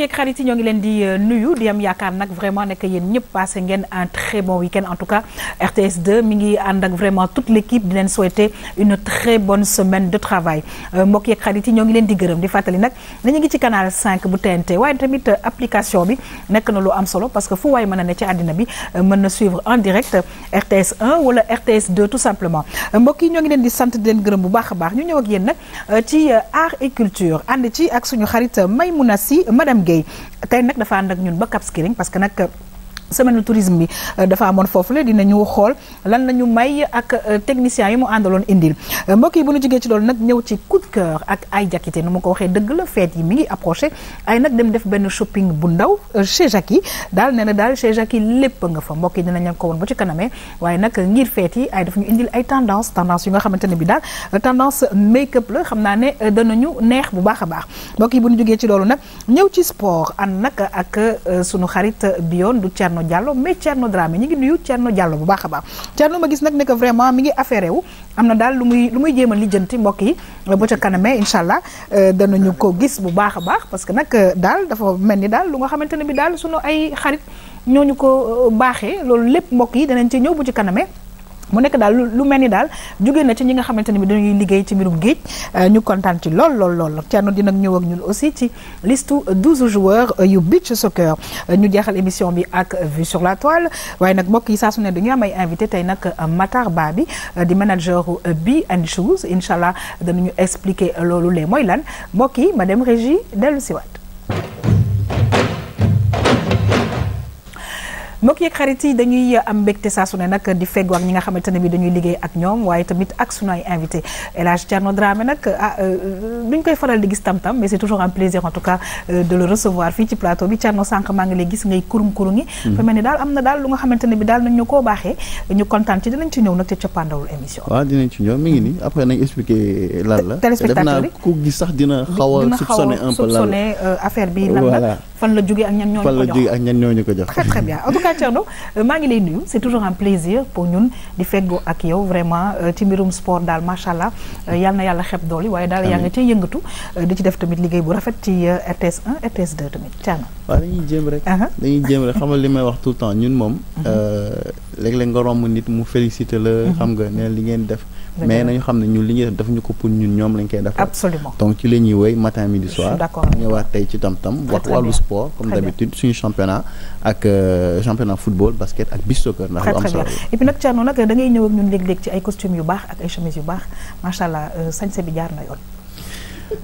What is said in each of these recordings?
yeeg xarit yi ñoo ngi leen di euh, nuyu di am yaakaar nak vraiment nek yeen ñëpp passé ngeen un très bon week-end en tout cas RTS 2 mi ngi and ak vraiment toute l'équipe di leen souhaiter une très bonne semaine de travail euh, mbokk yeeg xarit ñoo ngi leen di gërëm di fatali nak nañu ngi ci canal 5 bu TNT waaye tamit euh, application bi nek na lu am solo parce que fu way mëna a ne ci àddina bi mëna suivre en direct RTS 1 wala RTS 2 tout simplement mbokk yi ñoo ngi leen di sante di leen gërëm bu baax baax ñu ñëw ak yeen nak ci art et culture and ci ak suñu xarit Maymouna madame liggéey tey nag dafa ànd ñun ba Cap Skirring parce que nag semaine tourisme bi euh, dafa amoon foofu la dinañu xool lan la ñu may ak euh, techniciens yi mu àndaloon indil euh, mbokk yi bu ñu jógee ci loolu nag ñëw ci coup ay jakite nu ma ko waxee dëgg la fête yi mi ngi approché ay nag dem def benn shopping bu ndaw chez Jackie daal nee na daal chez Jackie lépp nga fa mbokk yi dinañ leen woon ba ci kanamee waaye nag ngir fête ay daf ñu indil ay tendance tendance yu nga xamante ne bi daal tendance make la xam naa ne danañu neex bu baax a baax mbokk yi bu ñu jógee ci loolu nag ñëw ci sport ànd nag ak sunu xarit yoon du Thierno Thierno Diallo mais Thierno Dramé ñu ngi nuyu Thierno Diallo bu baax a baax Thierno ma gis nag ne que vraiment mi ngi affaire wu am na daal lu muy lu muy jéem a lijjanti mbokk yi euh, ba ca kanamee incha allah euh, danañu ko gis bu baax a baax parce que nag euh, daal dafa mel ni daal lu nga xamante ne bi daal sunu ay xarit ñoo ñu ko baaxee loolu lépp mbokk yi danañ ci ñëw bu ci kanamee mu nekk daal lu melni dal daal na ci ñi nga xamante bi dañuy liggéey ci mbirum geej euh, ñu kontaan ci lool lool lool Thierno dina ñëw ak ñun aussi ci liste 12 joueurs euh, yu beach soccer euh, ñu jeexal émission bi ak vue sur la toile waaye nak mbokk yi saa su ne dañu am ay invité tay nak Matar Ba bi di manager bi and shoes inshallah dañu ñu expliquer loolu lee mooy lan mbokk yi ma dem régie dellu siwaat mbokk yeeg xarit yi dañuy am mbégte saa su ne nag di feggoo ak ñi nga xamante ne bi dañuy liggéey ak ñoom waaye tamit ak sunu ay invité El Hadj Thierno Dramé nag ah euh, euh, duñ koy faral di gis tam-tam mais c'est toujours un plaisir en tout cas euh, de le recevoir fii ci plateau bi Thierno sànq maa ngi lay gis ngay kurum kurum hmm. yi fa mel ni daal am na daal lu nga xamante ne bi daal nañ ko baaxee ñu kontaan ci dinañ ci ñëw nag te coppandawul émission waaw dinañ ci ñëw ngi nii après nañ expliquer lan la téléspectateur yi def naa ku gis sax dina la affaire fan la jógee ak ñan ñooñu ko jox très bien en tout cas Thierno euh, maa ngi lay nuyu c'est toujours un plaisir pour ñun di feggoo ak yow vraiment euh, ci sport dal machallah allah euh, yal na yàlla xeb dool yi daal yaa nga cee yëngatu di ci def tamit liggéey bu rafet ci RTS 1 RTS 2 tamit Thierno. dañuy jëm rek. Uh-huh. dañuy jëm rek xamal limay wax tout le temps ñun moom. Uh-huh. léeg-léeg nga romb nit mu féliciter le uh-huh. xam nga né li ngeen def. mais nañu xam ne ñun li ñuy def dafa ñu ko pour ñun ñom lañ koy def absolument donc ci la wéy matin midi soir ñëwaat tay ci tam tam wax walu sport comme d'habitude suñu championnat ak euh, championnat football basket ak beach soccer ndax lu am solo et puis nag Thierno nak da ngay ñëw ak ñun lég lég ci ay costume yu bax ak ay chemise yu baax macha sañ sé bi jaar na yoon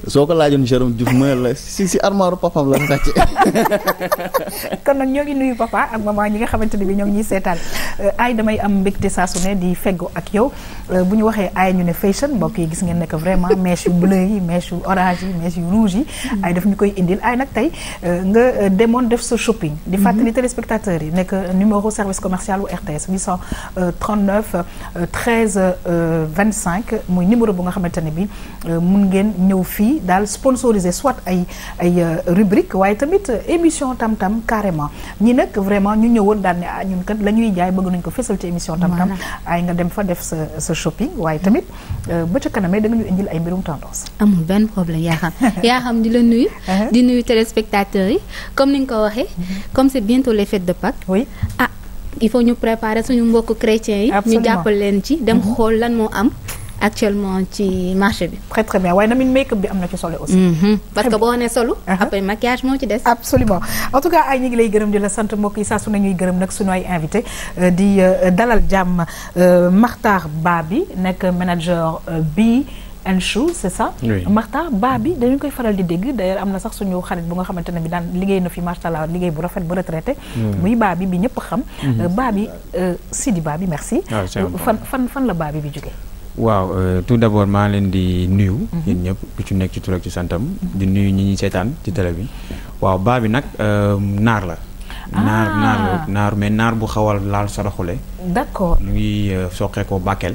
soo ko laajoon Jérôme ma la si si armoire papa la ngati kon nak ñogi nuyu papa ak mama ñi nga xamanteni bi ñoo ñi sétal Euh, ay damay am mbégte sa su di fego ak yow euh, bu waxé ay ñu né fashion mbokk yi gis ngeen nek vraiment mèche bleu yi mèche orange yi mèche rouge yi mm-hmm. ay daf ñukoy indil ay nak tay euh, nga démon def sa shopping di mm-hmm. fàttali téléspectateurs yi nek numéro service commercial bu RTS 839 13 25 muy numéro bu nga xamante bi mën ngeen ñëw fi dal sponsoriser soit ay ay rubrique waye tamit émission tam tam carrément ñi nak vraiment ñu ñëwoon daal ne ah, ñun kat lañuy jaay bëgg loolu dinañ ko fësal ci émission tam-tam ay nga dem fa def sa sa shopping waaye tamit euh, ba ca kanamee da nga ñu indil ay mbirum tendance amul benn problème yaa xam yaa xam di la nuyu uh-huh. di nuyu téléspectateurs yi comme ni nga ko waxee uh-huh. comme c'est bientôt les fêtes de Pâques oui ah il faut ñu préparer suñu mbokk chrétiens yi ñu jàppal leen ci dem uh-huh. xool lan moo am actuellement ci marché bi. très très bien waaye namit make-up bi am na ci solo aussi. Mhm. parce que boo nee solo. Uh-huh. après maquillage moo ci des. absolument en tout cas ay ñu ngi lay gërëm di la sant mbokk yi saa su ne ñuy gërëm nag suñu ay invité euh, di euh, dalal jàmm euh, martar Ba bi nekk manager bi. and shoe c'est ça. oui Makhtar Ba bi dañu koy faral di dégg d'ailleurs am na sax suñu xarit bu nga xamante ne bi daan liggéey na fi macha allah liggéey bu rafet bu retraité. muy Ba bi bi ñëpp xam. Mhm. Ba bi Sidi Ba bi merci. Ah, fan fan fan la Ba bi bi jógee. waaw euh, tout d'abord maa leen di nuyu. Mhm. yéen ñëpp ku ci nekk ci tur ci santam. di nuyu ñi ñuy seetaan ci télé bi. waaw baa bi nag euh, naar la. Ah. naar naar naar mais naar bu xawal laal saraxule. d'accord ñu ngi euh, soqeekoo Bakel.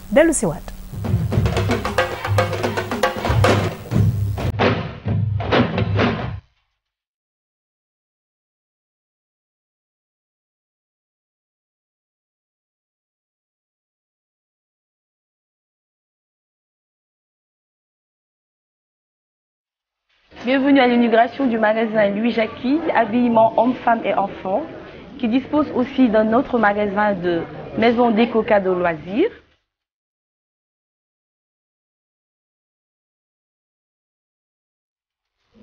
Bienvenue à l'inauguration du magasin Louis Jacqui, habillement hommes, femmes et enfants, qui dispose aussi d'un autre magasin de maison déco cadeaux loisirs.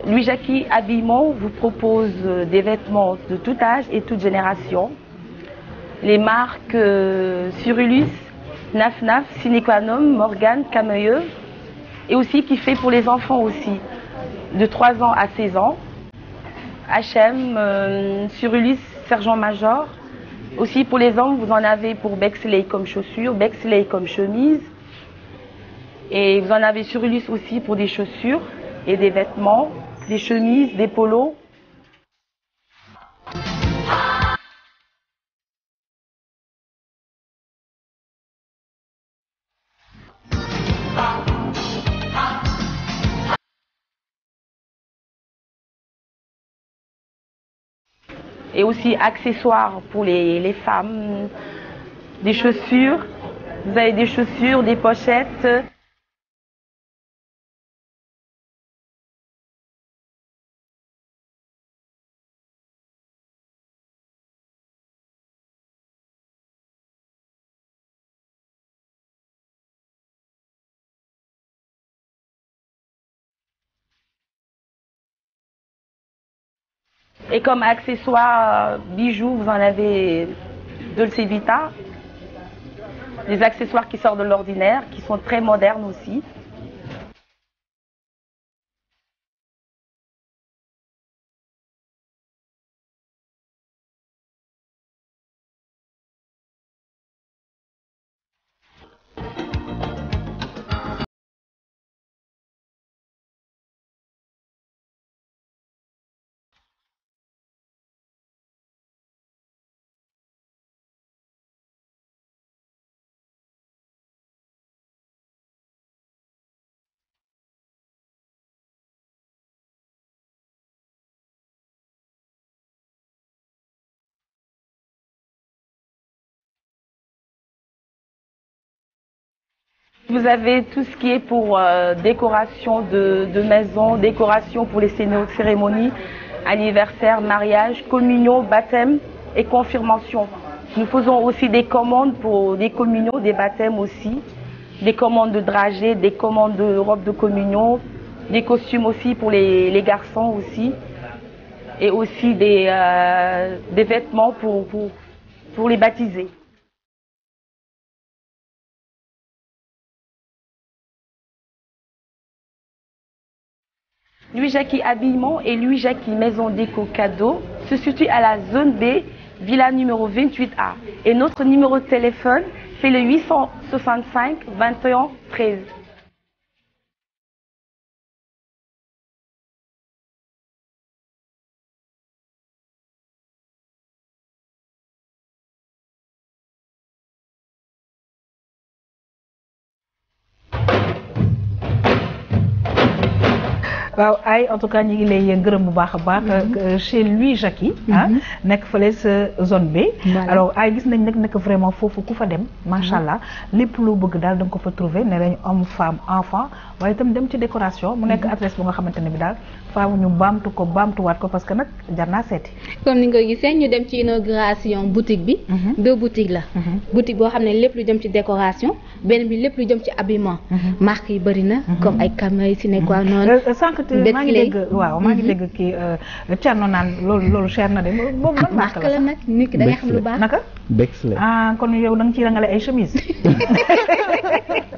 Louis Jackie Habillement vous propose euh, des vêtements de tout âge et toute génération. Les marques euh, Surulus, Nafnaf, Sinequanum, Morgane, Cameilleux et aussi qui fait pour les enfants aussi, de 3 ans à 16 ans. HM, Surulus, Sergent-Major. Aussi pour les hommes, vous en avez pour Bexley comme chaussures, Bexley comme chemise. Et vous en avez Surulus aussi pour des chaussures et des vêtements des chemises, des polos. Et aussi accessoires pour les, femmes, des chaussures. Vous avez des chaussures, des pochettes. Et comme accessoires, euh, bijoux, vous en avez Dolce Vita, des accessoires qui sortent de l'ordinaire, qui sont très modernes aussi. Vous avez tout ce qui est pour euh, décoration de, de, maison, décoration pour les cérémonies, anniversaire, mariage, communion, baptême et confirmation. Nous faisons aussi des commandes pour des communions, des baptêmes aussi, des commandes de dragées, des commandes de robes de communion, des costumes aussi pour les, garçons aussi, et aussi des, euh, des vêtements pour, pour, pour les baptiser. Louis jacques Habillement et Louis jacques Maison Déco Cadeau se situent à la zone B, villa numéro 28A. Et notre numéro de téléphone, c'est le 865 21 13. waaw ay en tout cas ñu ngi lay gërëm bu baax a baax. Mhm. Euh, chez lui Jackie. Hein, mhm. nekk fële sa zone B. alors ay gis nañ nag nekk vraiment foofu ku fa dem. macha allah mhm. lépp lu bëgg daal da nga ko fa trouver ne lañ homme femme enfant waaye tam dem ci décoration mu nekk adresse bu nga xamante ne bi daal. faaw ñu baamtu ko baamtuwaat ko parce que nag jar naa seeti. comme ni nga ko gisee ñu dem ci inauguration boutique bi. Mhm. deux boutiques la. Mhm. boutique boo xam ne lépp lu jëm ci décoration benn bi lépp lu jëm ci habillement. Mhm. marque yi bëri na. comme ay Camay Sénégal noonu. Euh, euh, sànq maa ngi dégg waaw maa ngi dégg kii euh, Thierno naan loolu loolu cher na de boobu la nag nit ki da xam lu baax. naka Bexley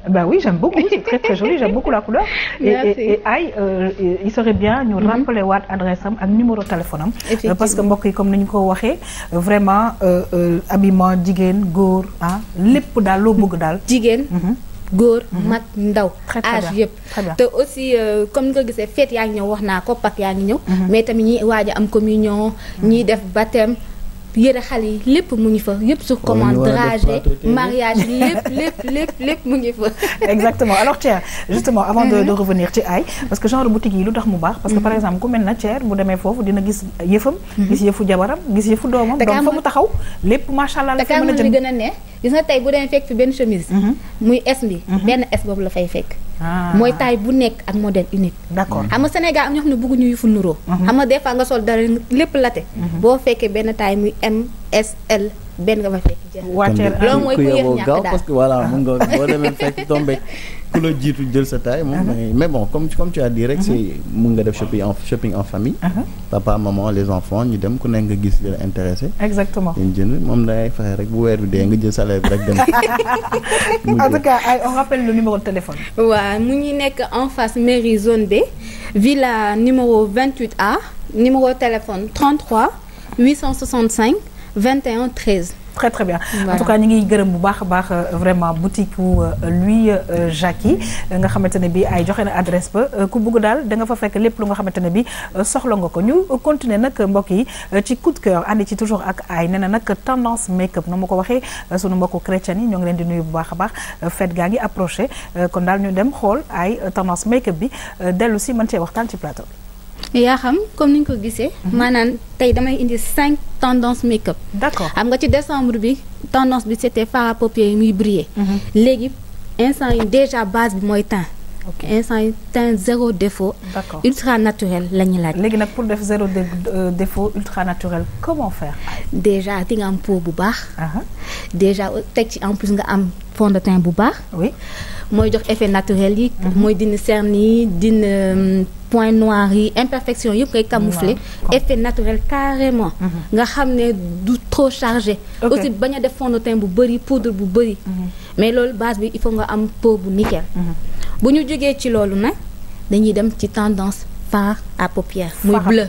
Ah bah oui, j'aime beaucoup, c'est très très joli, j'aime beaucoup la couleur. Et, et, et aïe, euh, il serait bien ñu mhm. rappeler waat adresse am ak numéro de téléphone parce que moi, yi comme ni ñu ko waxee vraiment euh, euh, habillement jigéen góor ah lépp daal loo bëgg daal. jigéen. Mhm. góor mhm. très ndaw âge yëpp te aussi euh, comme nous nga gisee fête y'a ngi ñëw wax naa ko pak yaa ngi ñëw mais tamit ñi waaj a am communion ñiy def baptême il y a des fa sur commande mariage lepp lepp lepp lepp mu exactement alors justement avant de mhm. revenir ci ay parce que genre boutique yi lu mu parce que par mhm. exemple ku mel bu dina mhm. jabaram fa mu taxaw la fa vous dites vous ne gis nga tay bu fekk fi chemise muy bi la fay fekk Ah. mooy taay bu nekk ak modèle unique. d'accord xam nga Sénégal am ñoo xam ne bëgguñu yu fu nuroo. Mhm. xam nga des nga sol dara lépp late. Mhm. boo fekkee benn taay muy M S L benn nga fa fekk jënd. loolu mooy ku yeboo que voilà mun nga boo fekk tombé Uh-huh. mais bon comme comme tu as dit c'est uh-huh. mun shopping en en famille uh-huh. papa maman les enfants ils dem kou nga intéressé exactement jënd mom faire, rek bu bi en tout cas on rappelle le numéro de téléphone Oui, mu sommes en face mairie zone B villa numéro 28 A numéro de téléphone 33 865 21 13 très très bien en tout cas ñi ngi bu baax a euh, vraiment boutique euh, Louis euh, nga xamantene bi ay adresse ba ku dal da nga fa lu nga bi nga ko ñu continuer yi ci coup de cœur ci toujours ak ay tendance make up sunu chrétien yi ngi leen di nuyu bu fête approché kon tendance make up bi ci plateau ya xam comme ni ñu ko gisee. Mhm. maanaam tey damay indi cinq tendances make-up. d'accord xam nga ci décembre bi tendance bi c'était fard à paupières muy briller. Mhm. léegi instant yi déjà base bi mooy teint. ok instant yi teint zéro défaut. d'accord ultra naturel la ñuy laaj. léegi nag pour def zéro euh, défaut ultra naturel comment faire. déjà di nga am peau bu baax. déjà teg ci en plus nga am fond de teint bu baax. oui moy jox effet naturel yi. moy mhm. dina cernes yi dina euh, point noir yi imperfection yëpp koy camoufler effet naturel carrément. Mhm. nga xamné du trop chargé. aussi baña def fond de teint bu beuri poudre bu beuri mhm. mais loolu base bi il faut nga am peau bu nickel. buñu ñu ci lolou nak dañuy dem ci tendance phare à paupières. moy bleu.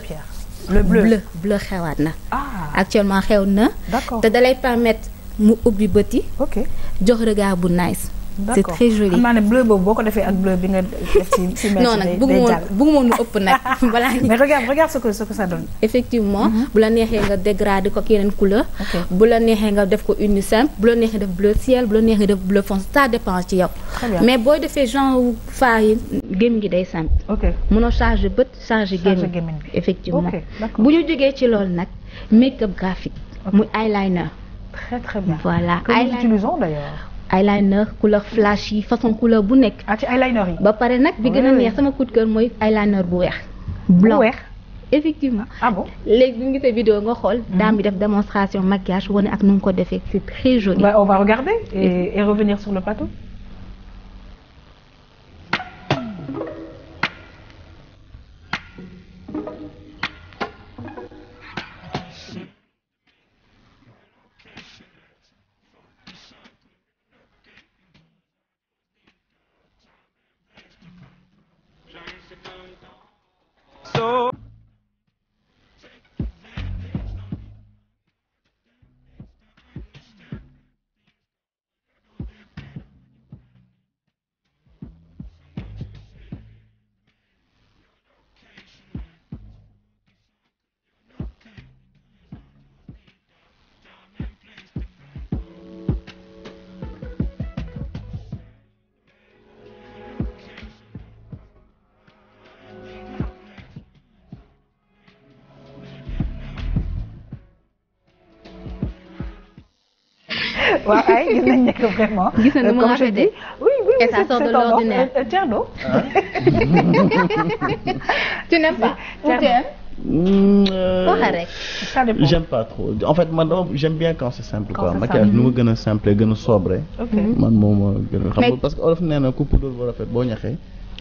le bleu bleu bleu xewaat na. Ah. actuellement xew te da lay permettre mu ubbi beuti ok jox regard bu nice c'est très joli xam bleu boobu boo ko ak bleu bi nga def ci ci mètre non nak bëggu mo bëggu mo ñu upp nak voilà mais regarde regarde ce que ce que ça donne effectivement mm-hmm. bu la nexé nga dégradé ko ak couleur bu la nexé nga def ko simple bu la nexé def bleu ciel bu la nexé def bleu foncé ça dépend ci yow mais boy defé genre farine gémmiñ gi day simple mëno charger beut changer gémmiñ effectivement bu ñu joggé ci lool nak make-up graphique muy eyeliner très très bien voilà eyeliner que nous utilisons d'ailleurs eyeliner couleur flashy façon couleur bu nek ah ci eyeliner yi. ba paré nak bi gën neex sama coup de cœur moy eyeliner bu wex blanc bu wex effectivement ah bon légui bu ñu gisee vidéo nga xol mhm. dame bi def démonstration maquillage woné ak nu ko défé c'est très joli. Bah, on va regarder et, et revenir sur le plateau. so waaw ay gis nañ nekk vraiment. gis nañ mu rafetee oui oui oui ça sort de l'ordinaire euh, Thierno. Hein tu n'aimes pas ou tu aimes. waxal mm, euh, rek. j'aime pas trop en fait moi dama j'aime bien quand c'est simple quoi. maquillage nu ma simple gën sobre sobre. man moom moo euh, gën a xam parce que olof nee na ku puudar bu rafet boo ñaxee.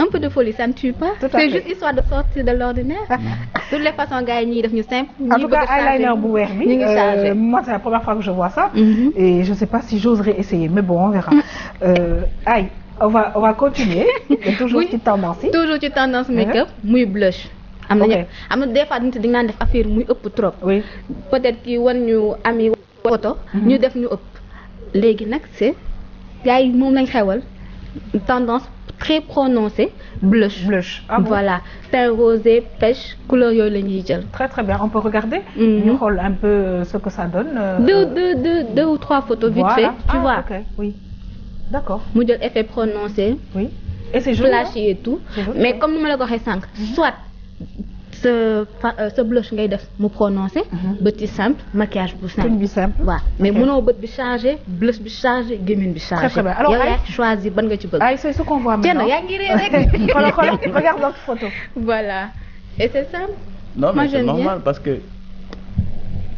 un peu de folie, ça ne tue pas. C'est juste histoire de sortir de l'ordinaire. Ah. de toutes les façons, gars, ils sont simples. En tout cas, eyeliner bouer, euh, moi, c'est la première fois que je vois ça. Mhm. Et je ne sais pas si j'oserais essayer, mais bon, on verra. Mm. euh, aïe, on va, on va continuer. Il y a toujours une tendance. Hein. Toujours une tendance make-up, hein? mouille blush. am na des fois nit dañ naan def affaire muy ëpp trop. peut-être ki wan ñu ami photo mhm. ñu def ñu ëpp. léegi nag c'est gars yi moom lañ xewal tendance très prononcé blush. blush ah voilà teint rosé pêche couleur yooyu très très bien on peut regarder. Mhm. On un peu euh, ce que ça donne. Euh, deux deux ou trois photos vite fait. tu ah, vois ok oui d'accord. mu effet prononcé. oui et c'est joli flashy et tout. mais comme nous, ma le ko mhm. soit. Ce euh, blush que def mu prononcer, mhm. bët simple maquillage pour simple. bët simple mais mon nom est chargé, blush bi changé chargé, bi chargé très très bien alors choisis, bonne choisir que tu c'est ce qu'on voit maintenant Tiens, regarde votre photo. voilà et c'est simple. non mais c'est normal parce que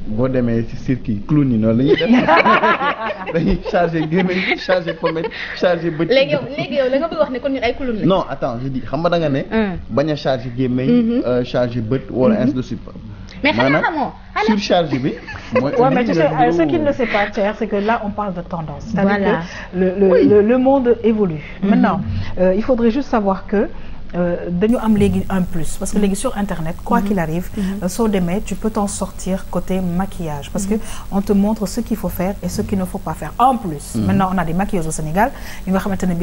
boo démé ci cirque yi clown yi noonu la def dañuy charger gémmiñ charger pommette charger bët. léegi yow léegi yow la nga bëgg wax ne kon ñun ay clown lañ. non attends je dis xam nga da nga né hein. baña charger chargé charger mhm. euh, chargé bët wala mhm. ainsi de suite. mais xanaa xamoo surcharge bi. mooy ouais, mais tu sais, euh, ce qu'il ne sait pas Thier c'est que là on parle de tendance. voilà c'est-à-dire que le le, oui. le monde évolue. Mhm. maintenant euh, il faudrait juste savoir que. Euh, dañu nous un plus parce que sur internet quoi mhm. qu'il arrive mhm. euh, des mails tu peux t'en sortir côté maquillage parce que mhm. on te montre ce qu'il faut faire et ce qu'il ne faut pas faire en plus maintenant on a des maquilleuses au Sénégal yi nga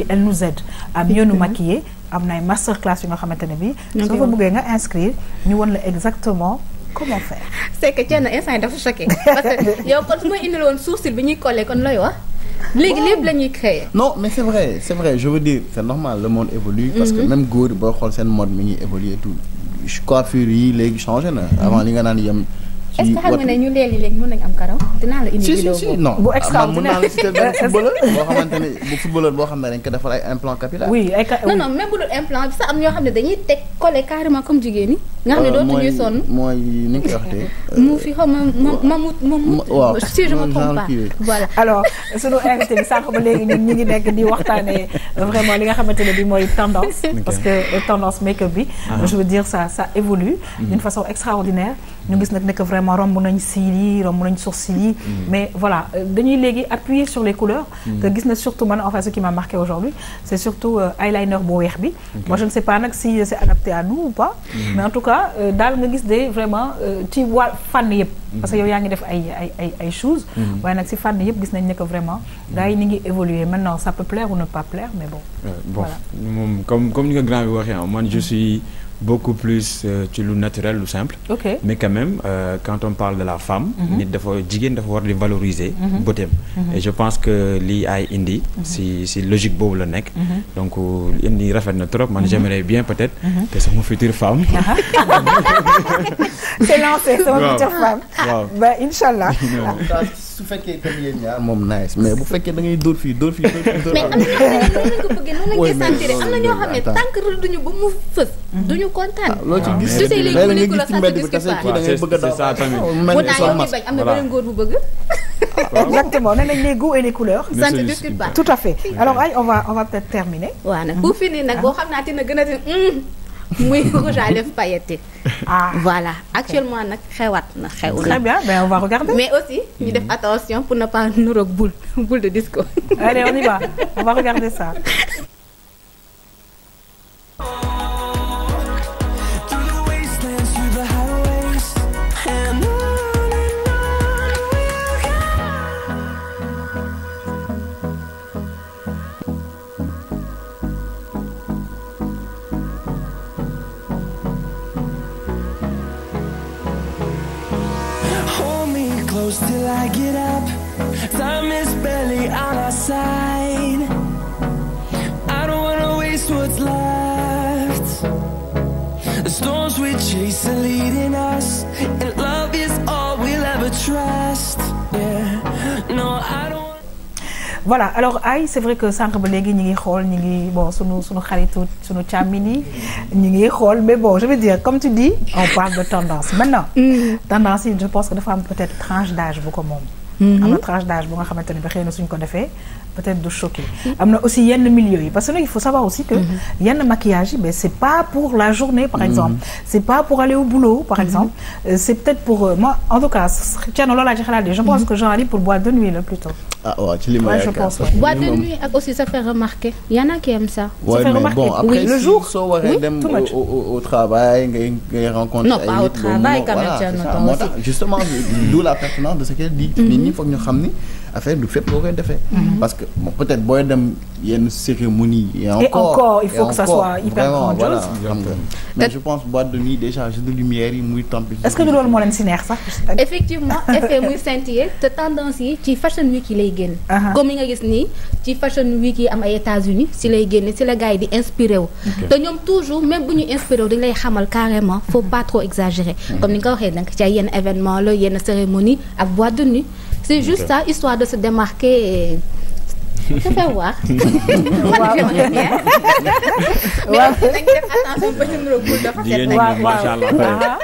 elles nous aident à mieux nous maquiller On a une master class yi nga xamante bi soo fa inscrire ñu won exactement comment faire c'est que Diana instant yi dafa choqué parce que yow kon un sourcil bi est collé kon looy l'église la non mais c'est vrai c'est vrai je veux dire c'est normal le monde évolue. parce que mhm. même mode mi ngi tout coiffure yi est changé mhm. avant li nga est ce que xam ñu en am de non ah, un carrément comme euh, me trompe pas alors vraiment tendance. parce que euh, tendance make-up ah. je veux dire ça ça évolue. Mm-hmm. d'une façon extraordinaire. Nous gis que vraiment mm-hmm. mais voilà nous euh, appuyer sur les couleurs. Mm-hmm. surtout ce qui m'a marqué aujourd'hui c'est surtout eyeliner moi je ne sais pas si c'est adapté à nous ou pas. mais en tout cas. Euh, dal nga gis de vraiment euh, ci wa fànn mhm. parce que yow yaa ngi def ay ay ay ay choses mhm. waaye nag si fan yëpp gis nañ ne que vraiment mhm. gars yi ni ngi évoluer maintenant ça peut plaire ou ne pas plaire mais bon voilà moom comme comme ni ko grand bi waxee ah, man je suis beaucoup plus euh, naturel ou simple. mais quand même euh, quand on parle de la femme. Mhm. il faut jigéen dafa valoriser. Mhm. Mhm. et je pense que c'est ay indi. si si logique le donc euh, indi rafet na trop j'aimerais bien peut-être. que c'est mon future femme. Ah. c'est lancé c'est mon future femme. Bah, Inch'Allah su fekkee que yéen ñaar moom nice mais bu fekkee da ngay dóor fii dóor fii dóor fii. mais am na ñoo xam ne noonu lañ ko bëggee ba mu fës. Hmm. duñu kontaan. Ah, loo ci ah, gis su see léegi mu nekk gis ko faa waaw c'est ça tamit. mu taa yow mi bu bëgg. exactement nee nañ les goûts et les couleurs. ça ne discute pas tout à fait alors ay on va on va peut-être terminer. waaw nag bu fi nii nag ah. boo xam naa dina gën a hmm. Oui, rouge à lèvres pailleté. Ah. voilà actuellement on a très xew très bien ben, on va regarder. mais aussi faut faire mm. attention pour ne pas nous boule boule de disco. allez on y va on va regarder ça. I get up Time is barely on our side I don't wanna waste what's left The storms we chase are leading us voilà alors ay c'est vrai que c'est ba que ñi ngi xol ñi ngi bon sunu suñu xaritu sunu càmmin ñi ngi xol mais bon je veux dire comme tu dis on parle de tendance maintenant mm. tendance je pense que dafa am peut-être tranche d'âge beaucoup ko moom mm-hmm. tranche d'âge bu nga ne bi suñ ko peut-être de choquer y y aussi le milieu parce que il faut savoir aussi que le mhm. maquillage mais mais ben, c'est pas pour la journée par mhm. exemple Ce n'est pas pour aller au boulot par mhm. exemple euh, c'est peut-être pour euh, moi en tout cas je pense que j'en arrive pour boire de nuit là plutôt ah tu tu Moi je pense. Boire de nuit aussi ça fait remarquer Il y en a qui aiment ça ça fait remarquer après le jour au travail ngay rencontres... non pas au travail quand même justement d'où la pertinence de ce qu'elle dit Mais Il faut que affaire du pour nga koy fait mhm. parce que peut-être booy dem yenn cérémonie. et encore et encore il faut que ça soit hyper grandiose voilà mais je pense boîte de nuit déjà j'ai de lumière mouille muy plus. est-ce que nous moo leen si neex ça? effectivement effet muy scintiller te tendance yi ci fashion week qu'il lay gagné uh-huh. comme a nga gis nii ci fashion week qui am ay États-Unis si lay gagné c'est la gars yi di inspiré wu. te toujours même bu inspirer inspiré wu lay xamal carrément faut pas trop exagérer. Mm-hmm. comme ni nga ko waxee ay yenn événement la yenn cérémonie à boîte de nuit. C'est juste ça, histoire de se démarquer ku fa voir. waaw jërëjëf bien. waaw mais nañ def attention ba numéro bu dafa set. waaw macha allah ah.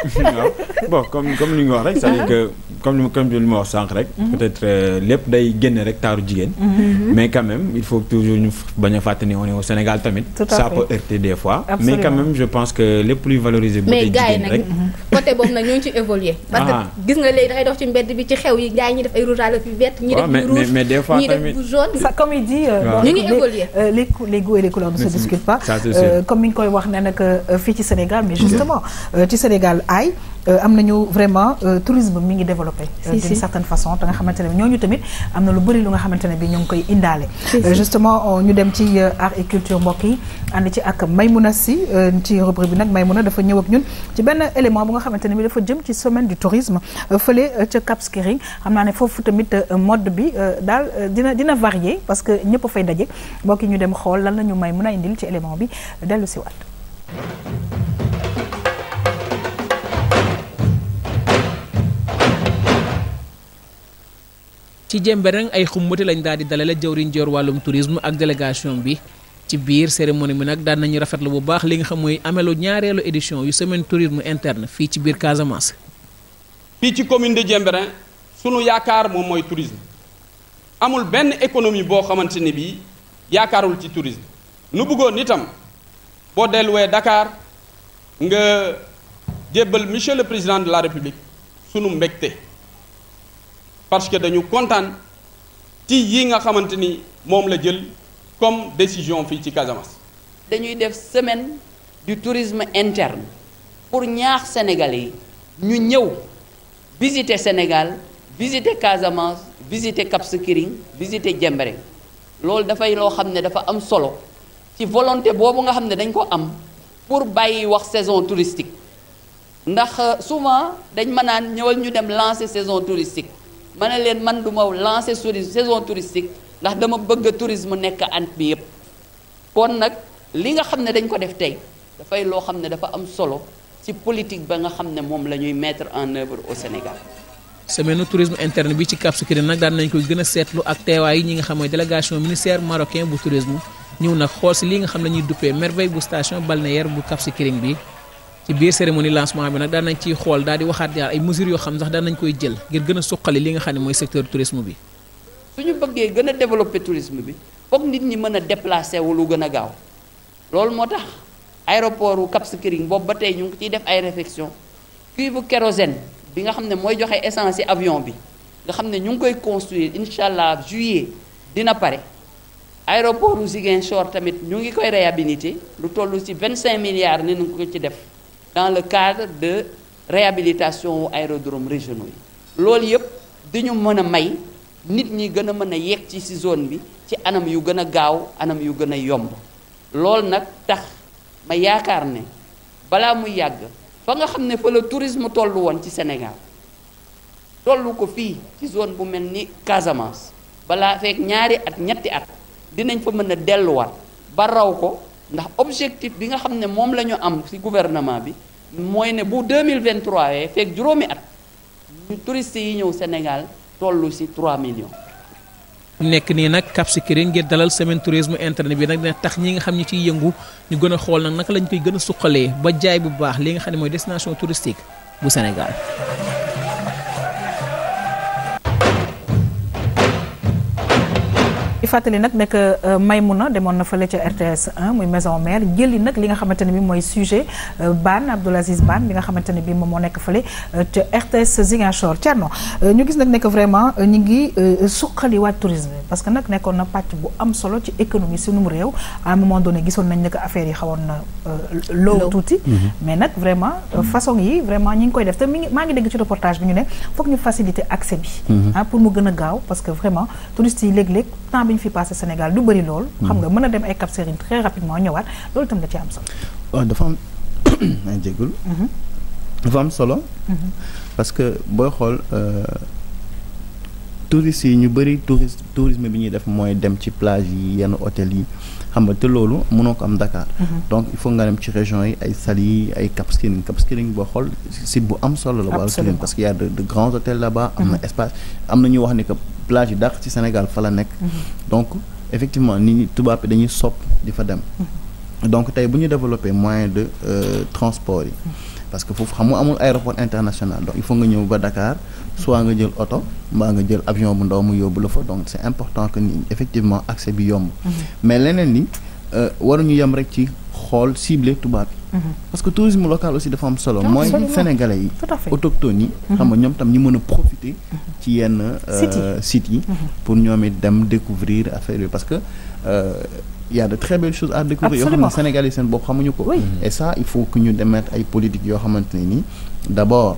bon comme comme ni nga wax rek cest dire que comme comme li ma wax sànq rek. Mhm. peut-être euh, lépp day génne rek taru jigen mhm. mais quand même il faut toujours ñu baña a ni on est au Sénégal tamit. ça peut heurter des fois. mais quand même je pense que lépp plus valoriser. mais gars yi côté boobu nag ñoo ci évoluer. Ah. parce que gis nga léegi dangay dox ci mbedd bi ci xew yi gars ñi def ay rouge à lèvres yu ñi def yu rouge ñi def bu jaune il euh, dit, les goûts euh, et les couleurs ne se mm-hmm. discutent pas. Euh, comme il dit, il y a des filles ci Sénégal mais mm-hmm. justement ci Sénégal aïe. Euh, am vraiment euh, tourisme mi ngi développé euh, d'une certaine façon da nga xamantene ne ñooñu tamit amna lu bëri lu nga xamantene bi ñong koy indalé justement ñu dem ci art et culture mbokki yi ci ak Maymouna Sy ci rubrique bi nag Maymouna dafa ñëw ak ñun ci benn élément bu nga xamantene bi dafa jëm ci semaine du tourisme feulé ci Cap Skirring xam naa ne tamit mode bi dal dina dina varier parce que ñëpp fay daje mbokki ñu dem xol lan lañu maymuna indil ci élément bi delu ci wat ci Jembereng ay xumbati lañ daal di dalale jëwriñ joor wàllum tourisme ak délégation bi ci biir cérémonie bi nag daan nañu rafetlu bu baax li nga xam mooy amelu ñaareelu édition yu semaine tourisme interne fii ci biir Casamance. fii ci commune de Jembereng sunu yaakaar moom mooy tourisme amul benn économie boo xamante ne bii yaakaarul ci tourisme nu bëggoon itam boo delluwee dakaar nga jébbal monsieur le président de la république sunu mbégte. parce que dañu sommes ci yi nga xamanteni mom la jël comme décision fi ci Casamance. dañuy def semaine du tourisme interne pour ñaax Sénégalais Nous ñu ñëw visiter Sénégal visiter Casamance visiter Cap Skirring visiter Diembering lool da fay lo ne dafa am solo ci volonté bobu nga xam dañ ko am pour bayyi wax saison touristique ndax euh, souvent dañ mën ñëwal ñu dem lancer saison touristique. ma ne leen man du ma lancer tourisme saison touristique ndax dama bëgg tourisme nekk at bi yëpp kon nag li nga xam ne dañ ko def tey dafay loo xam ne dafa am solo ci politique ba nga xam ne moom la ñuy mettre en œuvre au Sénégal. semaine tourisme interne bi ci Cap Skirring nag daan nañ koy gën a seetlu ak teewaay yi ñi nga xam mooy délégation ministère marocain bu tourisme ñëw nag xool si li nga xam ne ñuy duppee merveille bu station balnéaire bu Cap Skirring bi. ci biir cérémonie lancement bi nag daan nañ ciy xool daal di waxaat jaar ay mesures yoo xam sax daan nañ koy jël ngir gën a suqali li nga xam ne mooy secteur tourisme bi. su ñu bëggee gën a développer tourisme bi foog nit ñi mën a déplacer wu lu gën a gaaw loolu moo tax aéroport wu Cap Skirring boobu ba tey ñu ngi ciy def ay réflexion bu kérosène bi nga xam ne mooy joxe essence ci avion bi nga xam ne ñu ngi koy construire incha allah juillet dina pare aéroport wu Ziguinchor tamit ñu ngi koy réhabiliter lu toll ci 25 milliards ne nañ ko ci def. dans le cadre de réhabilitation aux aérodromes régionaux yi loolu yëpp may nit ñi qui en ci zone bi ci anam yu anam yu yomb que tax ma fait ne muy fa tourisme tollu ci Sénégal tollu ko fi ci zone bu Casamance Bala ñaari at ñetti at dinañ fa ko ndax objectif bi nga xam ne moom la ñu am ci gouvernement bi mooy ne bu 2023 yee fekk juróomi at ñu touristes yi ñëw Sénégal tollu ci 3 millions. nekk nii nag Cap Skirring ngir dalal semaine tourisme internet bi nag dina tax ñi nga xam ni ciy yëngu ñu gën a xool nag naka lañ koy gën a suqalee ba jaay bu baax li nga xam ne mooy destination touristique bu Sénégal. i fàttali nag nekk euh, Maymuna demone na fele ci RTS 1 muy maison mère jëli nak li nga xamanteni ne bi mooy sujet euh, ban Abdoulaziz ban bi nga xamanteni bi moom moo nekk fële euh, ca RTS Ziguinchor Thierno ñu gis nak nek vraiment ñi ngi suqali wa tourisme parce que nak nekkoon na patch bu am solo ci économie sunum rew à un moment donné gisoon nañ ne affaire yi xawoon na loow tuuti mhm. mais nak vraiment mhm. façon yi vraiment ñi ngi koy def te mi ngi maa ci reportage bi ñu ne foog ñu faciliter accès bi mhm. ah, pour mu gën gaaw parce que vraiment touristes yi leg leg temps bi ñu fi passé Sénégal du bari lool. xam nga mën dem ay Cap Serigne très rapidement ñëwaat loolu tam da ci am solo. waaw dafa am ay jégul mhm. dafa am solo. Mhm. parce que booy xool euh, touristes yi ñu bari touriste tourisme bi ñuy def mooy dem ci plage yi yenn hôtel yi xam nga te loolu mënoo ko am Dakar. Mhm. donc il faut nga dem ci région yi ay Saly yi ay Cap Skirring Cap Skirring boo xool site bu am solo la. absolument parce que y a de de grands hôtels là-bas. am na espace am na ñu wax ni que plage yu Sénégal fa mhm. donc effectivement nit ñi tubaab bi dañuy sop di fa dem mhm. donc tay bu ñu des moyen de euh, transport mhm. parce que faut vraiment avoir amul aéroport international donc il faut nga ñëw à Dakar soit nga jël soit mba nga jël avion bu ndaw mu donc c'est important que nous, effectivement accès bi yomb mais leneen ni euh, waruñu yam rek ci xool ciblé le monde. Mhm. parce que tourisme local aussi de femmes solo. Ah, Moi sénégalais yi. autochtones yi. Mhm. xam nga ñoom tam ñu mën profiter. Mhm. ci yenn euh, yi. pour ñoom découvrir affaire parce que il euh, y a de très belles choses à découvrir yoo Sénégalais ne sénégalais seen bopp xamuñu ko. et ça il faut que ñu démettre ay politique yo d'abord.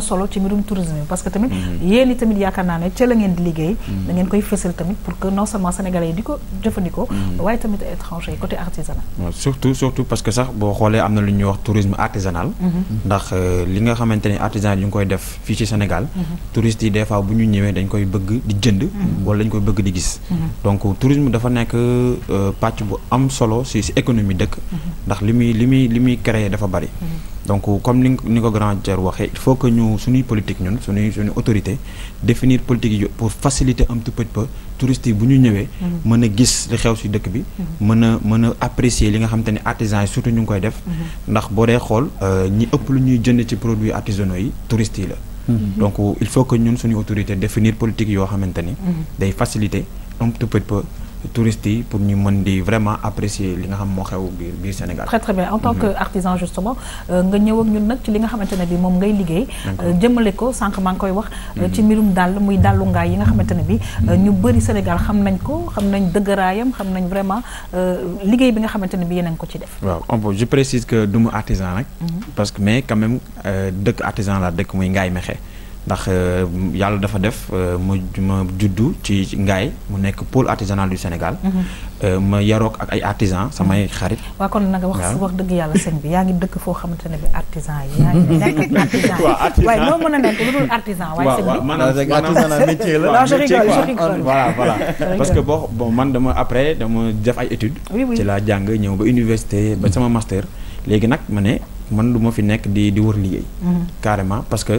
na solo ci mbirum tourisme parce que tamit mhm. yéen tamit yaakaar naa ne la ngeen di liggéey da mhm. ngeen koy fësal tamit pour que non seulement sénégalais diko jëfëndiko ko mhm. tamit étranger côté artisanal surtout surtout parce que sax bo xolé amna lu ñu wax tourisme artisanal ndax euh, li nga xamante artisan artisanal ñu koy def fi ci Sénégal touristes yi des fois bu ñu ñëwé dañ koy bëgg di jënd wala dañ koy bëgg di gis donc tourisme dafa nekk patch euh, bu am solo ci si économie dëkk ndax limi limi limi créer dafa bari donc comme nous ni ko grand Dior il faut que nous soyons politique ñun nous, suñuy autorité définir politique pour faciliter un petit peu touristes yi bu ñu ñëwee mhm. mën a gis le xew ci dëkk bi mhm. apprécier li artisans yi surtout ñu ngi koy def mhm. ndax boo dee xool euh, ñi ëpp lu ñuy ci produits artisanaux yi touristes la donc il faut que nous soyons autorité définir politique yoo xamante day faciliter un petit peu touristes pour ñu mën di vraiment apprécier li nga xam moo xew biir biir Sénégal. très très bien en tant mhm. que artisan justement euh, nga ñëw ak ñun nag ci li nga xamante ne bi moom ngay liggéey. Euh, jëmale ko sànq maa ngi koy wax. Euh, ci mhm. mbirum dàll muy dàllu ngaay yi nga mhm. xamante bi ñu bëri Sénégal xam nañ ko xam nañ dëgëraayam xam nañ vraiment liggéey bi nga xamante ne bi yeneen ko ci def. waaw on je précise que du mu artisan nag. parce que mais quand même dëkk artisan la dëkk muy ngaay mexe. ndax euh, yàlla dafa def euh, ma ma juddu ci Ngaye mu nekk pôle artisanal du Sénégal. Mhm. Euh, ma yarook ak ay artisans samay mhm. xarit. waaw kon nag wax dëgg yàlla sëñ bi yaa ngi dëkk foo xamante ne bi artisan yi. yaa mën a nekk lu dul artisan. waaye sëñ bi la. voilà que boo bon man dama après dama def ay études. ci laa jàng ñëw ba université ba sama master. léegi nag ma ne man du fi nekk di di wër liggéey. Mhm. carrément parce que.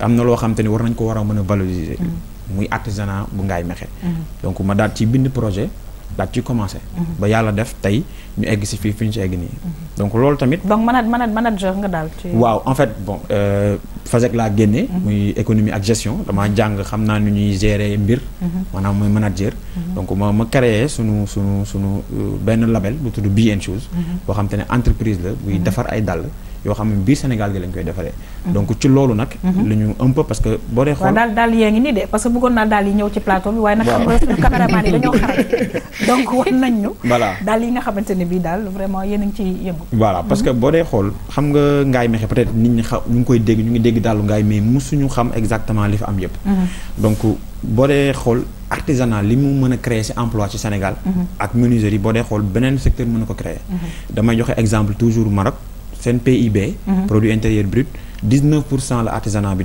amna lo loo xam te war nañ ko wara mëna mën valoriser. Mm-hmm. muy artisanat bu ngaay mexé mm-hmm. donc ma daal ci bind projet daal ci commencé. Mm-hmm. ba yalla def tay ñu egg ci fi fiñ si egg nii. donc loolu tamit. donc manat manat manager nga daal ci. waaw en fait bon euh FASEG la génne. muy économie ak gestion dama jang xamna naa ñuy gérer mbir. manam muy manager. donc ma ma créé suñu suñu sunu euh, benn label bu tuddu Be Shoes. bo xam te entreprise la buy défar ay dal yo xam bi senegal gi lañ koy defaree. donc ci lolu nak mhm. la un peu parce que bo dee. xol dal dal yaa ngi nii de parce que bëggon na dal yi ñëw ci plateau bi way nak xam nga suñu caméraman yi dañoo xaral donc won nañ ñu. voilà yi nga xamanteni bi dal vraiment yéen ci yëngu. voilà parce que mhm. bo dee xol xam nga ngaay mexe peut être nit ñi xa ñu ngi koy dégg ñu ngi dégg daalu ngaay mais musuñu xam exactement li fa am yëpp. Mhm. donc bo dee xol artisanat li mu mën a créer ci emploi ci Sénégal. ak menuiserie boo dee xool beneen secteur mën na ko créer. damay joxe exemple toujours Maroc. C'est un PIB. Mhm. produit intérieur brut 19 l'artisanat l'artisanat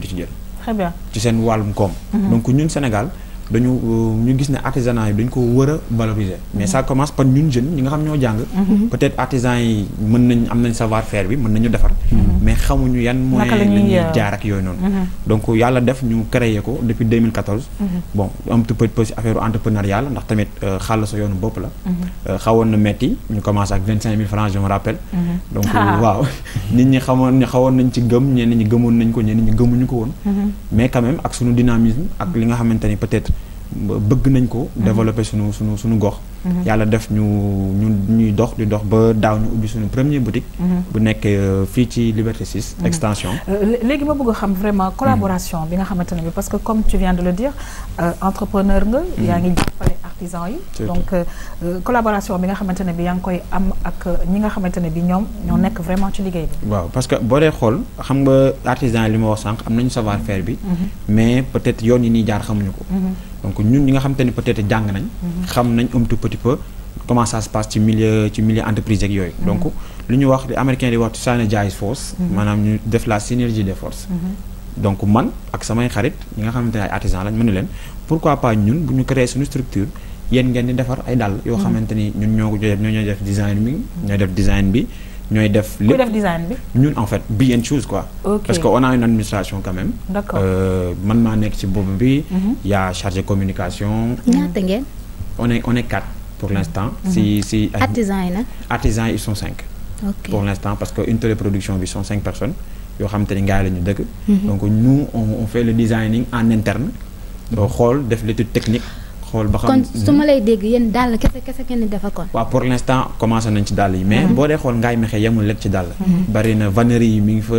très bien ci seen wàllum mhm. donc ñun Sénégal dañu euh, ñu gis ne artisanat dañ ko war valoriser mais ça commence par ñun jeune ñi nga xam ñoo jang mhm. peut-être artisan yi mën nañ am nañ savoir faire bi mën nañu défar mhm. mais xamuñu yan moy la euh, jaar ak yoy non mhm. donc yalla def ñu créer ko depuis 2014 bon un petit peu ci affaire entrepreneuriat ndax tamit euh, xàll sa yoonu bop la xawon na metti ñu commence ak 25000 francs je me rappelle donc ah. waaw nit ñi xamoon ñi xawon nañ ci gëm ñen ñi gëmoon nañ ko ñen ñi gëmuñu ko won mais quand même ak suñu dynamisme ak li nga xamante peut-être bëgg nañ ko mhm. développer suñu suñu suñu gox mhm. yàlla def ñu ñu ñuy dox di dox ba daaw ñu ubbi suñu premier boutique mhm. bu nekk euh, fii ci Liberté 6 extension euh, léegi ma bëgg xam vraiment collaboration bi nga xamante ne bi parce que comme tu viens de le dire euh, entrepreneur nga yaa ngi jàppale artisans donc euh, euh, collaboration bi nga xamante ne bi yang koy am ak euh, ñi nga xamante ne bi ñom ñoo mm. nek vraiment ci liggéey bi waaw parce que bo dee xol xam nga artisans li mo wax sank am nañu savoir faire bi mm-hmm. mais peut-être yoon yi ñuy jaar xamuñu ko mm-hmm. donc ñun ñi nga xamante peut-être jang nañ mm-hmm. xam nañ un tout petit peu comment ça se passe ci milieu ci milieu entreprise ak yoy. donc lu ñu wax li américain di wax to synergize force manam ñu def la synergie des forces donc man ak samay xarit ñi nga xamante ay artisan lañ mënu leen pourquoi pas ñun bu ñu créer suñu structure yen ngeen di defar ay dal yoo mm-hmm. xamante ni ñun ñoo ko def ñoo def design bi ñooy def design bi ñooy def lépp def design bi ñun en fait be and choose quoi parce que on a une administration quand même d'accord euh, man maa nekk ci boobu bi mm-hmm. y'a chargé communication mm-hmm. ñaata ngeen on est on est quatre pour l'instant si si ah, artisan, yi artisan ils sont cinq okay. pour l'instant parce que une téléproduction bi sont cinq personnes yoo xamante ni gars yi la ñu dëgg. donc nous on, on fait le designing en interne xool def l'étude technique pour l'instant commence nañ ci mais mhm. ngaay ci mhm. vannerie mi ngi fa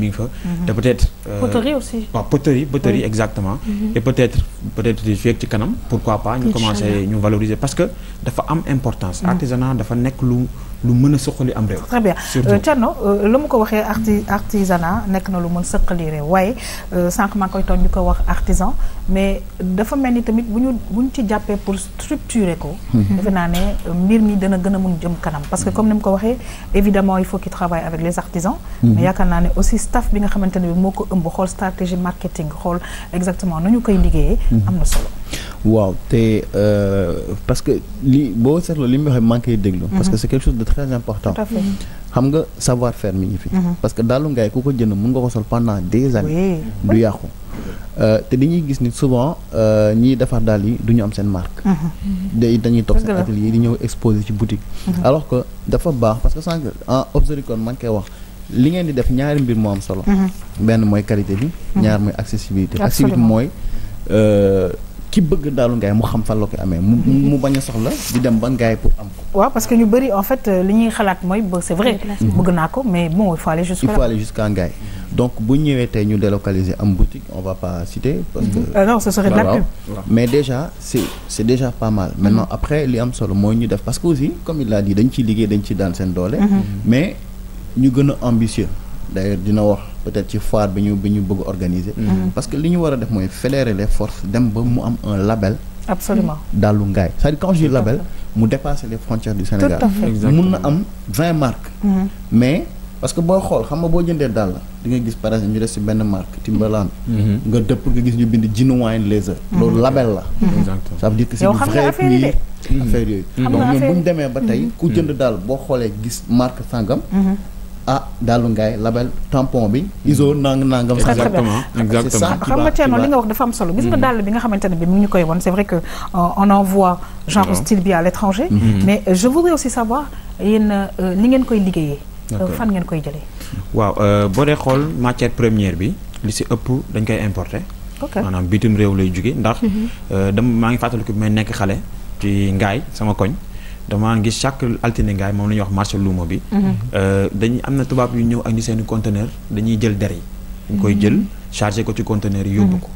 mi fa. Mhm. peut être. Euh, poterie aussi. poterie poterie exactement. et peut être peut être ci kanam. pourquoi pas ñu commencer ñu valoriser parce que dafa am importance. artisanat dafa lu lu mën soxali am réew. très bien euh, Thierno euh, lu ko waxee artisanat nek na lu mën soxali réew way sank ma koy toon ko wax artisan mais dafa melni tamit buñu buñ ci jappé pour structurer ko. Mhm. defe naa ne euh, mbir mi dana gëna a jëm kanam parce que mhm. comme nim ko waxee évidemment il faut qu'il travaille avec les artisans. Mhm. mais yaakaar né aussi staff bi nga xamanteni moko ëmb xol stratégie marketing xol exactement nu ñu koy liggéey amna solo waaw te euh, parce que li boo seetloo li mu waxee manqué déglu. Mhm. parce que c'est quelque chose de très important. xam nga savoir faire mi fi. Mhm. parce que daalu ngaay ku ko jënd mun nga ko sol pendant des années. du yàqu euh, te dañuy gis ni souvent euh, ñiy defar daal yi du ñu am seen marque. Mhm. day dañuy toog seen atelier di ñëw exposé ci boutique. alors que dafa baax parce que sànq en obsericon man koy wax. li ngeen di def ñaari mbir moo am solo. benn mooy qualité bi. ñaar mooy accessibilité. accessibilité mooy qui bëgg dalu ngay mu xam fan la ko amee mu mu bañ a soxla di dem ban ngaay pour am wa parce que ñu bëri en fait euh, li ñuy xalaat moy c'est vrai. bëgg naa ko mais bon il faut aller jusqu'à il faut aller jusqu'à ngaay donc bu ñëwee tey ñu délocaliser am boutique on va pas citer. parce que mm-hmm. euh, non ce serait de la pub. mais déjà c'est c'est déjà pas mal maintenant mm-hmm. après li am solo mooy ñu def parce que aussi comme il l'a dit dañ ci liggéey dañ ci daan sen doole. Mm-hmm. mais ñu gëna ambitieux d'ailleurs dina wax peut-être ci foire bi ñu bi ñu bëgg organiser. Mm-hmm. Mm-hmm. parce que li ñu war a def mooy fédérer les forces dem ba mu am un label. absolument Dalu ngaay c'est-à-dire quand je dis label mu dépasser les frontières du Sénégal. tout mun na am 20 marques. Mm-hmm. mais parce que booy xool xam nga boo jëndee dàll di nga gis par exemple ñu des ci benn marque Timberland. nga dëpp nga gis ñu bind Gino Wine Laser. loolu label la. ça veut dire que c'est vrai nii affaire yooyu. donc ñoom bu ñu demee ba tey ku jënd daal boo xoolee gis marque sangam ah Daalu Ngaay label tampon bi. ISO mm-hmm. nang nangam. exactement exactement xam nga Thierno li nga wax dafa am solo. gis nga mm-hmm. dal bi nga xamante bi mu ngi koy won c'est vrai que euh, on envoie genre style bi à l'étranger. Mm-hmm. mais je voudrais aussi savoir yene euh, li ngeen koy liggéeyee. Euh, fan ngeen koy jëlee. waaw bo dé xol matière première bi li ci ëpp dañ koy importer. ok maanaam bitim réew lay jóge ndax. dama maa ngi fàttaliku bi may nek xalé ci Ngaay sama koñ. dama ngi chaque altine ngaay moom la ñuy wax marché luuma bi. Mhm. Euh, dañuy am na tubaab yu ñëw ak ñu seen i conteneur dañuy jël der yi. dañ koy mhm. jël chargé ko ci conteneur yi yóbbu mhm. ko.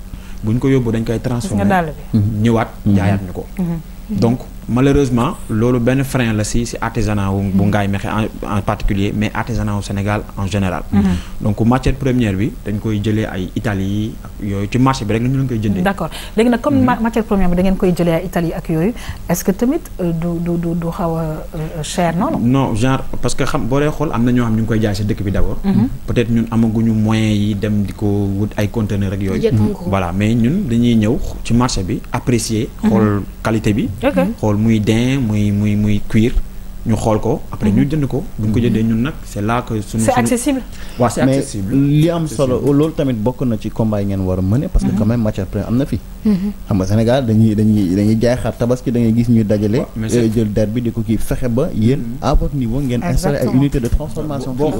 bu ñu ko yóbbu dañ koy transformé ñëwaat jaayaat ñu ko donc. malheureusement lolu ben frein la si si artisanat wu bu ngaay en particulier mais artisanat au Sénégal en général mhm. donc matière première bi dañ koy jëlé ay Italie yi ak yooyu ci marché bi rek ñu leen koy jëndee d'accord légui nak comme mhm. matière première bi da ngeen koy jëlé ay Italie ak yooyu est-ce que tamit euh, du du du du xaw euh, cher non non genre parce que xam bo dee xol amna na ñoo xam ñu koy jaay dëkk bi d'abord mhm. peut-être ñun amaguñu moyens yi dem diko wut ay conteneur ak yooyu voilà mais ñun dañuy ñëw ci marché bi apprécier xool qualité bi D'accord xool muy dain muy muy muy cuir ñu xol ko après ñu mhm. jënd ko buñ ko mhm. jëndee ñun nak c'est là que suñu. c'est accessible. waaw c'est accessible li am solo lool tamit bokk na ci combat yi ngeen war a mëne parce que mhm. quand même matière première amna fi. xam nga Sénégal dañuy dañuy dañuy jaay xar tabaski da ngay gis ñu dajale. Euh, jël der bi di ko kii fexe ba yéen mm-hmm. à votre niveau ngeen installé ay unité de transformation. boo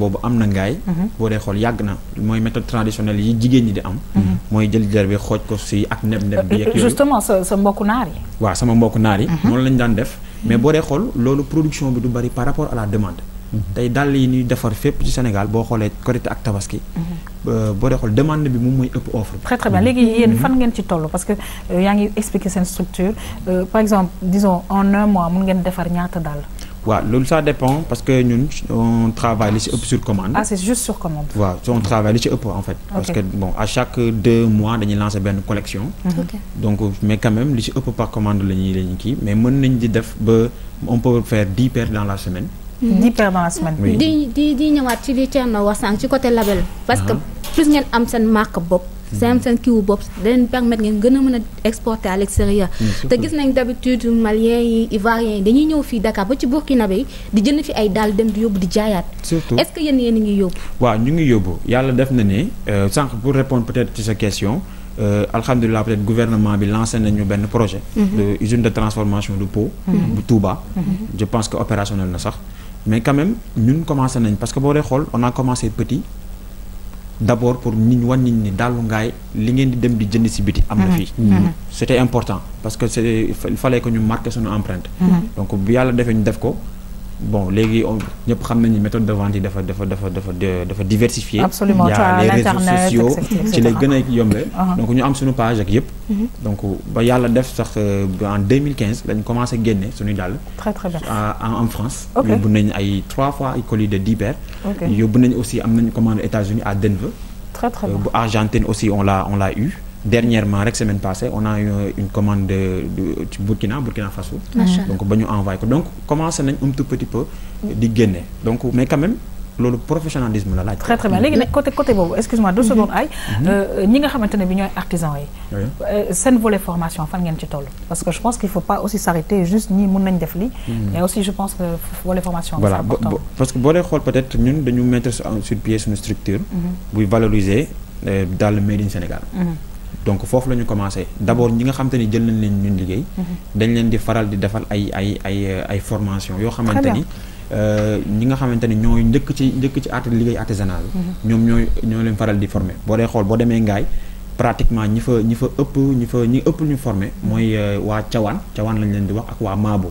boobu am na ngaay. Mm-hmm. boo dee xool yàgg na mooy méthode traditionnelle yi jigéen ñi di am. Mm-hmm. mooy jël der bi xooj ko si ak neb neb bi. ak justement sa sa mbokku naar yi. waaw sama mbokku naar yi. noonu lañ daan def mais boo dee xool loolu production bi du bari par rapport à la demande. tay dal yi ñuy defar fépp ci Sénégal bo xolé Korité ak Tabaski. Mhm. Euh, boo dee demande bi moom moy ëpp offre très très bien léegi yeen mhm. fan ngeen ci tollu parce que euh, yaa ngi expliquer sen structure euh, par exemple disons en un mois mun ngeen defar ñaata dal waaw loolu ça dépend parce que ñun on travaille ci sur commande. ah c'est juste sur commande. waaw on travaille li ci en fait. parce que bon à chaque deux mois on lancer une collection. Mhm. donc mais quand même li ci par commande la mais nañ di def ba on peut faire dix paires dans la semaine dix paires dans la semaine. di di di ñëwaat ci li Thierno wax ci côté label. parce que uh-huh. plus ngeen am sen marque bop c'est am seen mm-hmm. kiwu bopp danañ permettre ngeen gëna mëna exporter à l'extérieur te gis nañ d'habitude maliens yi ivoiriens yi dañuy ñëw fi Dakar ba ci Burkina yi di jënd fi ay dal dem di yóbbu di jaayaat. surtout est-ce que yéen yéen a ngi yóbbu. waaw ñu ngi yóbbu Yalla def na euh sank pour répondre peut-être ci sa question. Euh, alhamdulilah peut-être gouvernement bi lancé nañu benn projet. Mm -hmm. de usine de transformation de peau. Mm-hmm. bu mm -hmm. Touba. Mm -hmm. je pense que opérationnel na sax mais quand même nous commencé nañ parce que boo dee on a commencé petit d'abord pour nit wan nit ni dalu ngaay li ngeen di dem di jënd ci biti mmh. Mmh. Mmh. c'était important parce que c'est il fallait que nous marquions son empreinte donc bu yalla défé ñu def ko bon légui ñep xam nañu méthode de vente yi dafa dafa dafa dafa dafa diversifier absolument y a les réseaux sociaux ci lay gëna a uh-huh. Uh-huh. donc ñu am suñu page ak yépp mm-hmm. donc ba yalla def sax euh, en 2015 lañ commencé génne suñu dal très très bien en en France. yóbbu nañ ay trois fois ay colis de dix paires. yobbu nañ aussi am nañ commande États-Unis à Denver. très très bien euh, Argentine aussi on l'a on l'a eu dernièrement la semaine passée on a eu une commande de Burkina Burkina Faso. donc on va envoyé envoyer. donc commencé un tout petit peu de gagner. donc mais quand même le professionnalisme la très très bien côté côté excuse-moi deux mhm. secondes ay. Mhm. Euh, ñi nga des bi ñooy artisans yi. Euh, seen volet formation fan ngeen ci parce que je pense qu'il faut pas aussi s'arrêter juste ñii mun nañ def li mais mhm. aussi je pense que volet formation. est voilà parce que vous dee peut-être nous, nous mettre sur pied une structure. pour valoriser euh, dans le made in Sénégal donc foofu lañu commencé d'abord ñi nga xamanteni jël nañ leen ñun liggéey. Mhm. dañ leen di faral di defal ay ay ay ay formation yo xamanteni euh ñi nga xamanteni ni ñooy njëkk ci njëkk ci art liggéey artisanal ñom mhm. ñoom ñooy ñoo leen faral di former bo dee xol bo demee ngaay pratiquement ñi fa ñi fa ëpp ñi fa ñi ëpp ñu former moy mhm. euh, wa cawaan cawaan lañ leen di wax ak wa maabo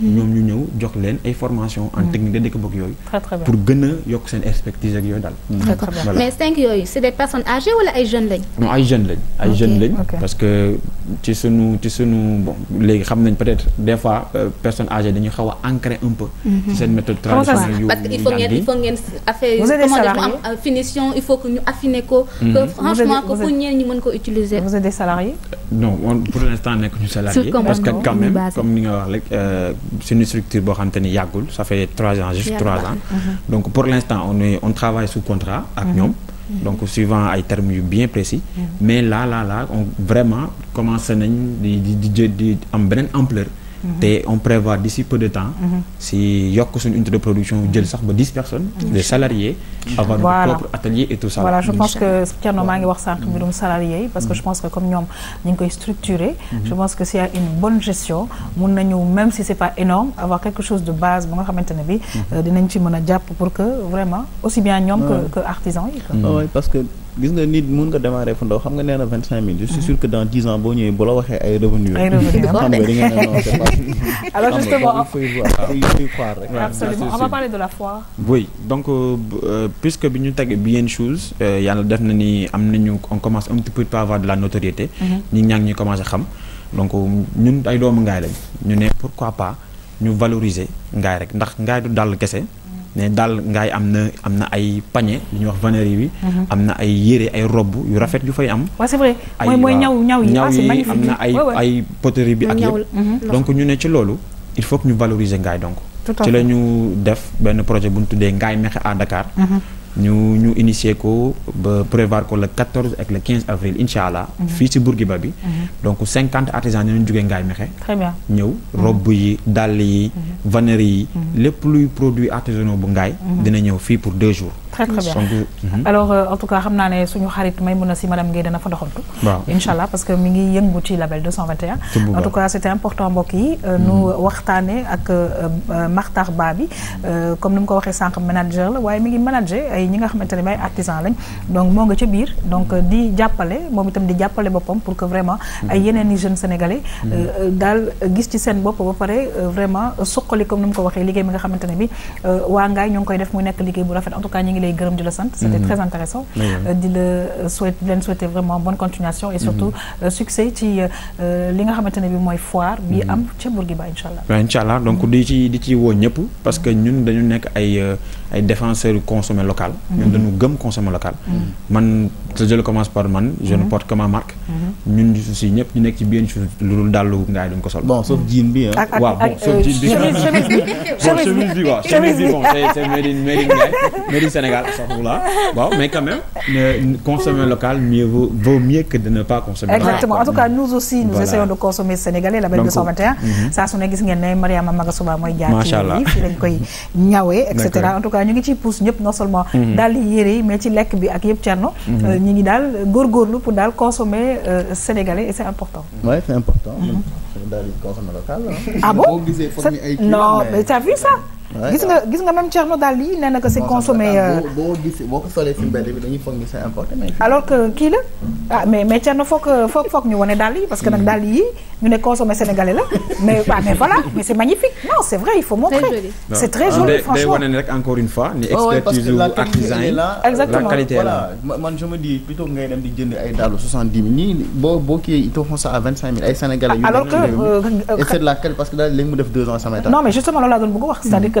ñoom ñu ñëw jox leen ay formation en mm. technique de dëkk yoy pour gëna yok yokk seen expertise ak yoy dal mm. mais cinq yoy c'est des personnes âgées wala ay jeunes lañ non ay jeunes lañ ay jeunes lañ parce que ci sunu ci sunu bon légui xam nañ peut-être des fois euh, personnes âgées dañu xawa ancrer un peu mm-hmm. ci sen méthode traditionnelle parce qu'il faut ngeen il faut ngeen affaire comment dire am euh, finition il faut que ñu affiner ko mm-hmm. que franchement que pour ñeen ñi mën ko utiliser vous êtes des salariés non pour l'instant nek ñu salarié parce que quand même comme ni nga wax rek euh, c'est une structure qui xam ça fait trois ans juste trois ans mhm. donc pour l'instant on est on travaille sous contrat avec nous. Mhm. Mhm. donc suivant un termes bien précis mais là là là on vraiment commencé à avoir une ampleur Mhm. et on prévoit d'ici peu de temps. Mhm. si il une unité de production de 10 personnes. des mhm. salariés. avoir leur propre atelier et tout ça. voilà je pense que Thierno normal d'avoir wax sànq mbirum salarié parce que je pense que comme nous sommes structurés, je pense que s'il y a une bonne gestion nous nañu même si ce n'est pas énorme avoir quelque chose de base euh, pour que vraiment aussi bien nous que que artisans ah oui parce que gis nga nit mun nga démarrer fu ndaw xam nga nee 25000 je suis mhm. sûr que dans 10 ans bo ñëwee bo la waxé ay revenus ay revenus xam nga di nga alors justement il faut y voir ah. absolument on va parler de la foi oui donc euh, euh, puisque bi ñu teg bien chose euh, yalla def na ni am nañu on commence un petit peu à avoir de la notoriété ñi mhm. ñang ñi ñuy commencé xam donc ñun ay doomu ngaay lañ ñu né pourquoi pas ñu valoriser ngaay rek ndax ngaay du dal kese mais daal ngaay am na am na ay pañe li ñuy wax vannerie bi. Mhm. am na ay yére ay robb yu rafet yu fay am. waaw c'est vrai mooy ñaw ñaw yi. Ah, am na ay ay poterie bi ak yëpp. Mhm. donc ñu ne ci loolu il faut ñu valoriser ngaay donc. ci la ñu def benn projet bu ñu tuddee ngaay mexe à Dakar. Mhm. Nous avons initier prévoir le 14 et le 15 avril Inch'Allah, allah. Mhm. ci Bourguiba mhm. donc 50 artisans ñu jógee Ngaye mexé très bien les plus yi yi. Mhm. vannerie yi. luy produit artisanaux bu dina pour deux jours très très bien mhm. alors euh, en tout cas xam naa ne suñu xarit may mun a si madame Guèye dana fa doxantu inshallah parce que mi ngi yëngu ci label 221 en tout cas c'était important mbokk yi euh, mhm. nous waxtaane ak euh, Makhtar Ba bi comme nous mu ko manager la waye mi ngi manager ay ñi nga xamante may artisan lañ donc mo nga ci bir donc di jappalé mom itam di jappalé bopam pour que vraiment mhm. ay yeneen i jeunes sénégalais dal gis ci sen bop ba pare vraiment suqali comme nous mu ko waxee liggéey mi nga xamante ne bi waa ngaay ñong koy def muy nekk liguey bu rafet en tout cas ñi ngi les gërëm di la sante. c'était mhm. très intéressant il euh, le euh, souhaite souhaiter vraiment bonne continuation et surtout mhm. euh, succès ci li nga xamante ne bi mooy foire bi mhm. am ca Bourguiba incha allah waaw donc on dit, di ci parce que nous, dañu sommes ay défenseurs consommer local. nous dañu gëm consommer local. Mm-hmm. man je commence par man. je ne mm-hmm. porte que ma marque. Mm-hmm. ñun ñep ñu qui ci bien lu ngaay bon sauf jean bi bi. c'est mais quand même. consommer local vaut vaut mieux que de ne pas consommer exactement en tout cas nous aussi nous essayons de consommer sénégalais la belle 221. ça gis Mariama lañ koy en tout cas nous ngi pousse non seulement mhm. dans les mais ci les bi ak yëpp cerno nous mhm. euh, ngi daal pour consommer euh, sénégalais et c'est important oui c'est important mhm. daal di consommer local hein. ah bon non mais t'as vu ça gis nga gis nga même Thierno daal lii nee na que c'est consommé. Ah, euh, bo gisee boo ko solee si bi dañuy foog ni c'est importé mais. alors que kii la ah mais mais Thierno foog foog foog ñu wane daal yi parce que nak hmm. daal yi ñu né consommé sénégalais la mais waaw mais voilà mais c'est magnifique non c'est vrai il faut montrer. c'est très ah, joli franchement day wane ne rek encore une fois. ni ah expertise yu artisan la qualité est là man je me dis plutôt ngay dem di jënd ay dalu soixante ni bo bo ki boo kii ils te font ça à vingt cinq ay sénégalais. yu alors que euh, et c'est de la qualité parce que daal léegi mu def 2 ans ça taal. non mais justement là la donne beaucoup wax c'est-à-dire que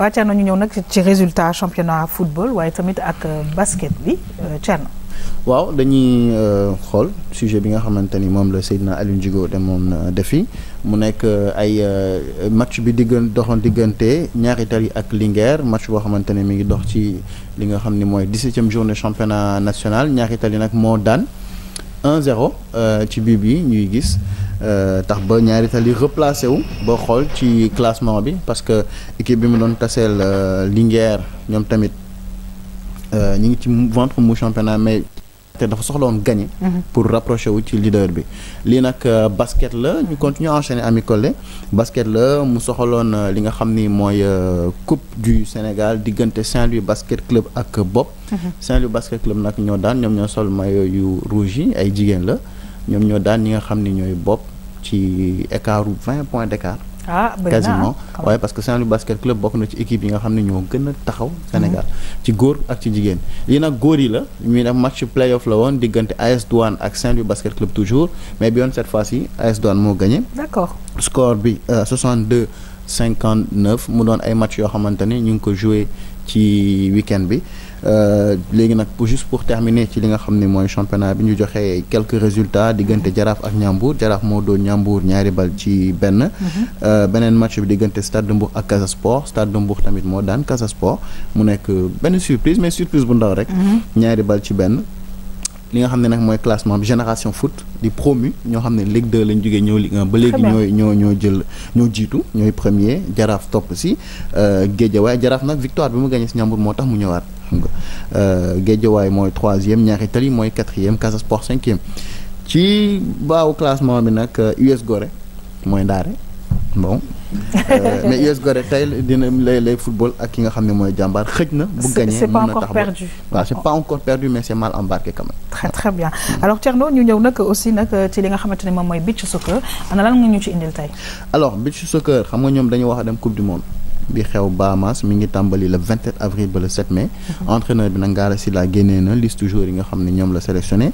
waaw Thierno ñu ñëw nak ci résultat championnat football waye tamit ak euh, basket bi euh, Thierno. waaw dañuy euh, xol sujet bi nga xamanteni mom moom la Seydina Aliou Djigo demoon defi mu nek ay match bi diggan doxon diggante ñaari tali ak Linguère match bo xamanteni mi ngi dox ci li nga xamni moy 17e journée championnat national ñaari tali nak mo dan 1-0 euh, ci bii bi ñuy gis euh, tax ba ñaari tali replacé wu boo xool ci classement bi parce que équipe bi mu doon taseel euh, Linguère ñoom tamit ñu ngi ci ventre mou championnat mais dafa soxla gagné. pour rapprocher wu leader bi. lii euh, basket la ñu à enchaîner Ami Collé basket la mu soxaloon euh, li nga ni euh, coupe du Sénégal diggante Saint-Louis basket club ak Bob, Saint-Louis basket club nag ñoo daan ñoom ñoo sol maillot yu rouge ay jigéen la ñoom ñoo daan nga écart points d'écart. ah quasiment waaye ah, parce que Saint-Louis basket club bokk na ci équipe yi nga xam ne ñoo gën a taxaw Sénégal mm-hmm. ci góor ak ci jigéen lii nag góor yi la ñu def match playoff la woon diggante AS Douane ak Saint-Louis basket club toujours mais bi yoon cette fois ci AS Douane moo gagné. d'accord score bi 62 euh, 59 mu doon ay match yoo xamante ne ñu ngi ko joué ci week bi. Euh, léegi pour juste pour terminer ci li nga xamné moy championnat bi ñu joxé quelques résultats diggante jaraaf ak ñambour jaraaf mo do ñambour ñaari bal ci mhm. euh, benen match bi diggante Stade de Mbour ak Casa Sport Stade de Mbour tamit mo daan Casa Sport mu nek ben surprise mais surprise bu ndaw rek. Mhm. ñaari bal ci ben li nga xam classement génération foot di promu nous Ligue Ligue ba premier euh, victoire gagné mu ñëwaat euh, troisième Ñaari Tali mooy quatrième Casa Sport ci classement bi nag US euh, bon euh, mais US Gorée tey dina lay lay football ak ki nga xamné moy jambar jàmbaar na. bu c'est pas encore perdu. voilà c'est pas encore perdu mais c'est mal embarqué quand même. très très bien mm. alors Thierno ñu ñew nak aussi nak euh, ci li nga xamante mom moy mooy beach soccer ana lan nga ñu ci indil tay alors beach soccer xam nga ñom dañu wax dem coupe du monde bi xew Bahamas mi ngi tambali le 27 avril ba le 7 mai. Mhm. entraîneur bi nag Ngara Sylla génnee na liste toujours yi nga xam ñom la sélectionné.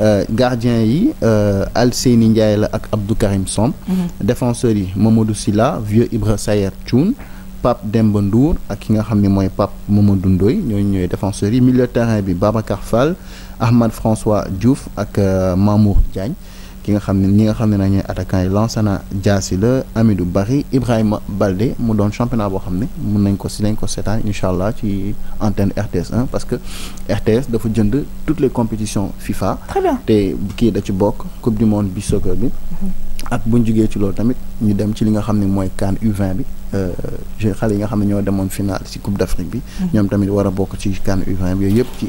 Euh, gardien yi euh, Alseni Ndiaye la ak Abdou Karim Somb. Mhm. défenseur, yi Mamadou Sila vieux Ibra Sayer Tchoun, Pape Demba Ndour ak ki nga Pape Mamadou Ndoye ñoy défenseurs yi milieu terrain bi Babacar Fall Ahmad François Diouf ak euh, Mamour Diagne ki nga xam ne ñi nga xam ne na ñooy attaquant yi Lansana Diassi la Amidou Barry Ibrahima Baldé mu doon championnat boo xam ne mun nañ ko si nañ ko seetaan incha allah ci antenne RTS 1 parce que RTS dafa jënd toutes les compétitions FIFA te kii da ci bokk coupe du monde bi soccer bi mm-hmm. ak bu ñu jugee ci loolu tamit ñu dem ci li nga xam ne mooy CAN U20 bi euh, xale yi nga xam ne ñoo demoon finale si coupe d'Afrique bi mm-hmm. ñoom tamit war a bokk ci CAN U20 bi yooyu yëpp ci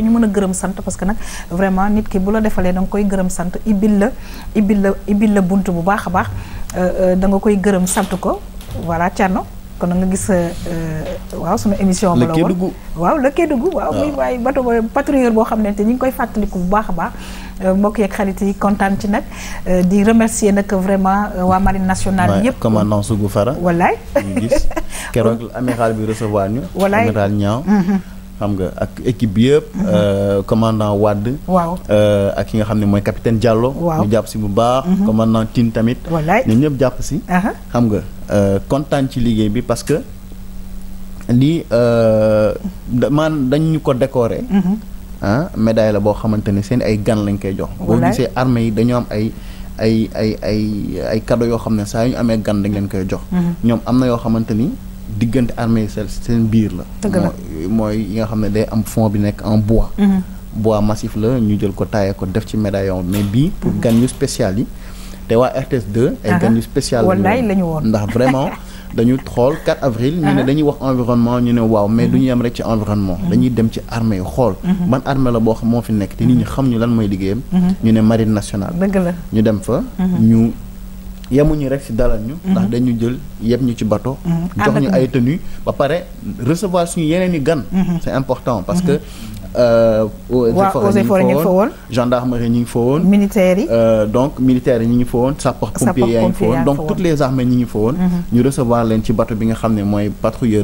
ñu mën parce que vraiment nit ki bu la défalé koy gërëm sante ibil la ibil la ibil la buntu bu baax euh, euh da nga ko voilà kon nga euh, euh, émission waaw le waaw ah. muy patrouilleur bu baax mbokk remercier vraiment wa marine nationale comme commandant Sougou Fara wallay bi recevoir xam nga ak équipe bi yëpp. Mhm. Euh, commandant Wade. waaw euh, ak ki nga xam ne mooy capitaine Diallo. waaw jàpp si bu baax. Mhm. commandant Tine tamit. wallaay ñëpp jàpp si. xam nga euh, kontaan ci liggéey bi parce que lii man dañ ñu ko décorer. Mhm. ah la boo xamante ne seen ay gan lañ koy jox. boo gisee armée yi dañoo am ay. ay ay ay ay cadeau yoo xam ne saa yu ñu amee gan dañ leen koy jox. ñoom am na yoo xamante diggante armée sel seen biir la. mooy yi nga xam ne day am fond bi nekk en bois. Mm-hmm. bois massif la ñu jël ko taaye ko def ci médaillon mais bii pour mm-hmm. gan yu spécial yi te waa RTS 2. ay gan yu spécial la ñu woon ndax vraiment. dañu xool 4 avril ñu ne dañuy wax environnement ñu ne waaw mais du ñu mm-hmm. yem rek ci environnement dañuy dem ci armée yi xool ban armée la boo xam moo fi nekk te nit ñi xam ñu lan mooy liggéeyam ñu ne marine nationale dëgg la ñu dem fa ñu il rek ci dalal ñu. ndax mhm. dañu jël yeb ñu ci bateau mhm. ay tenue ba recevoir suñu yeneen gan. Mhm. c'est important parce que. Euh, gendarmerie euh, donc militaire ngi donc toutes les armées recevoir les ci bi nga patrouilleur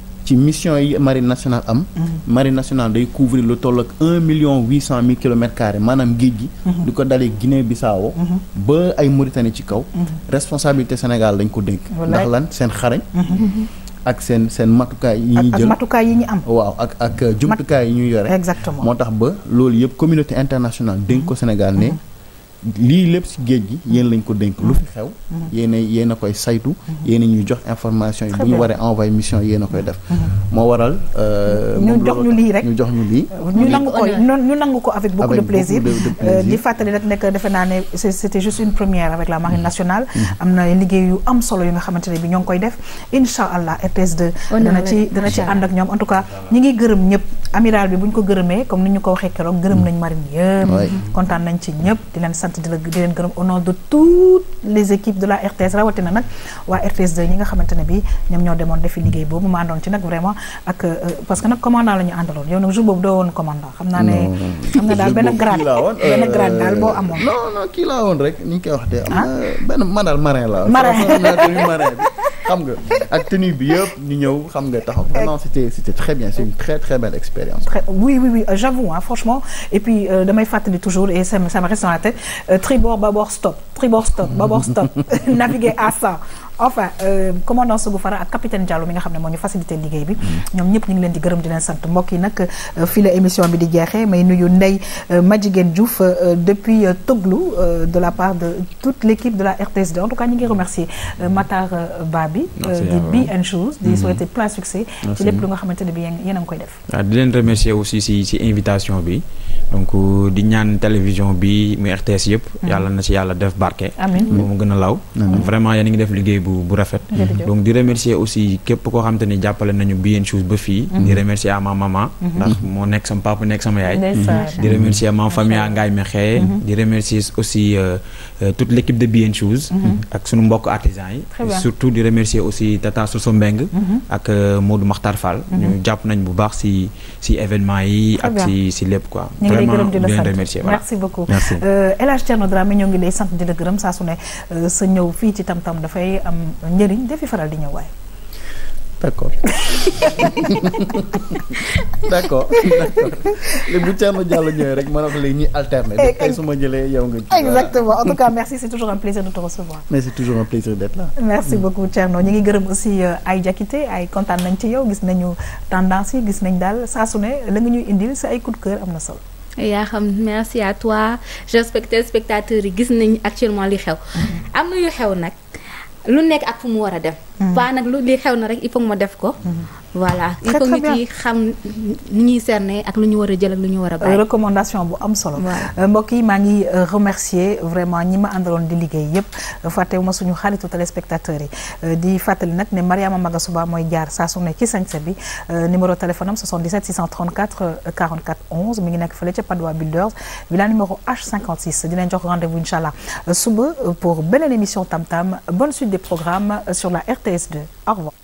mission yi marine nationale am. Mhm. marine nationale day couvrir le toll ak million 800 000 mille kilomètres carrés maanaam gi. Mhm. Guinée Bissau mhm. ba ay Mauritanie ci kaw. responsabilité Sénégal dañ ko denk ndax lan sen xarañ. ak sen sen matukaay yi ñi jël ak matukaay yi ñi am. waaw ak ak jumtukaay yi ñu yoré exactement motax ba lool communauté internationale denk ko Sénégal né li lepp ci geej gi yeen lañ ko denk lu fi xew yeen mhm. yeen yéen saytu mhm. yeen ñu jox information yi bu ñu waree envoyé mission mhm. yeen a def mo waral euh ñu jox ñu li rek ñu jox ñu li euh, ñu nangu ko ñu nangu ko avec beaucoup de plaisir euh, di fatali nak nek defena né c'était juste une première avec la marine nationale amna na yu am solo yu nga xamanteni bi ñong koy def inshallah allah RTS2 dana ci dana ci and ak ñom en tout cas ñi ngi gëreum ñep amiral bi buñ ko gërëmee comme ni ñu ko waxé kérok gëreum mm. nañ marine yeup kontaan nañ ci ñep di leen sant sant di la di leen gërëm au nom de toutes les équipes de la RTS rawatina nak wa RTS 2 ñi nga xamantene bi ñoom ñoo demoon defi liggéey bobu ma àndoon ci nak vraiment ak euh, parce que nak commandant la ñu yow nak jour bobu do won commandant xamna né ne dal ben daal benn grade benn grade daal boo euh, amoon non non ki la woon rek ni ñu koy wax dé am ah? na benn man daal marin laa marin marin c'était c'était très bien c'est une très très belle expérience oui oui oui j'avoue hein, franchement et puis euh, faut est toujours et ça me, reste dans la tête euh, tribord babor, stop tribord stop babor stop naviguer à ça enfin euh, commandant Sougou Fara ak capitaine Diallo mi nga xamné mo ñu facilité liguey bi ñom ñep ñu ngi leen di gërëm di leen sant mbokk yi nag euh, fii la émission bi di jéxé may nuyu Ndeye euh, Madjiguène Diouf depuis Toglu de la part de toute l'équipe de la RTS en tout cas ñu ngi remercier Matar Ba ah di Be and Choose di mhm. souhaiter plein succès ci lepp lu nga xamante bi yéen a ngi koy def ah, di leen remercier aussi ci ci invitation bi donc di ñaan télévision bi mu RTS yépp mhm. yalla na ci yalla def barké amin mu gën law vraiment ya a ngi def liguey bu bu rafet donc di remercier aussi képp koo xam te ni jàppale nañu bien chose ba fii mhm. di remercier à ma maman mhm. ndax moo nekk sama papa nekk sama yaay mhm. di remercier ma famille à Ngaye Mekhe di remercier aussi euh, euh, toute l'équipe de bien chose ak suñu mbokk artisans yi surtout di remercier aussi Tata Soso Mbeng ak euh, Modou Makhtar Fall ñu jàpp nañ bu baax si si événement yi ak si si lépp quoi vraiment di leen remercier merci beaucoup El Hadj Thierno Dramé ñoo ngi lay sant di la gërëm saa su ne sa ñëw fii ci tam tam dafay am am njëriñ dafi faral di ñëw waay. d' accord d' accord d' accord léegi bu Thierno Diallo ñëwee rek ma ne ko léegi ñuy alterner. léegi eh, tey su ma jëlee yow nga. exactement en tout cas merci c' toujours un plaisir de te recevoir. merci mm. beaucoup Thierno ñu ngi gërëm aussi euh, ay jakité ay kontaan nañ ci yow gis nañu tendance yi gis nañ daal saa su ne la nga ñuy indil sa ay coup de cœur am na solo. yaa xam merci à toi je respecte spectateurs yi gis nañ actuellement li xew. Mm-hmm. am na yu xew lu nekk ak fu mu war a dem. pas mm. nag lu li xew na rek il faut ma def ko. Mm-hmm. voilà très très bien il faut nit yi xam ni ñuy cerner ak lu ñu wara jël ak lu ñu wara bay recommandation bu am solo. Euh, mbokk yi maa ngi euh, remercier vraiment ñi ma àndaloon di liggéey yëpp euh, fàttewuma suñu xaritu téléspectateurs yi di fàttali nag ne Mariama Magasuba mooy jaar saa su ne ci sañse bi numéro téléphone am 77 634 44 11 mi ngi nekk fële ca Padoa Builders villa numéro H56 dinañ jox rendez-vous incha allah suba pour beneen émission tam tam bonne suite des programmes sur la RTS 2 au revoir.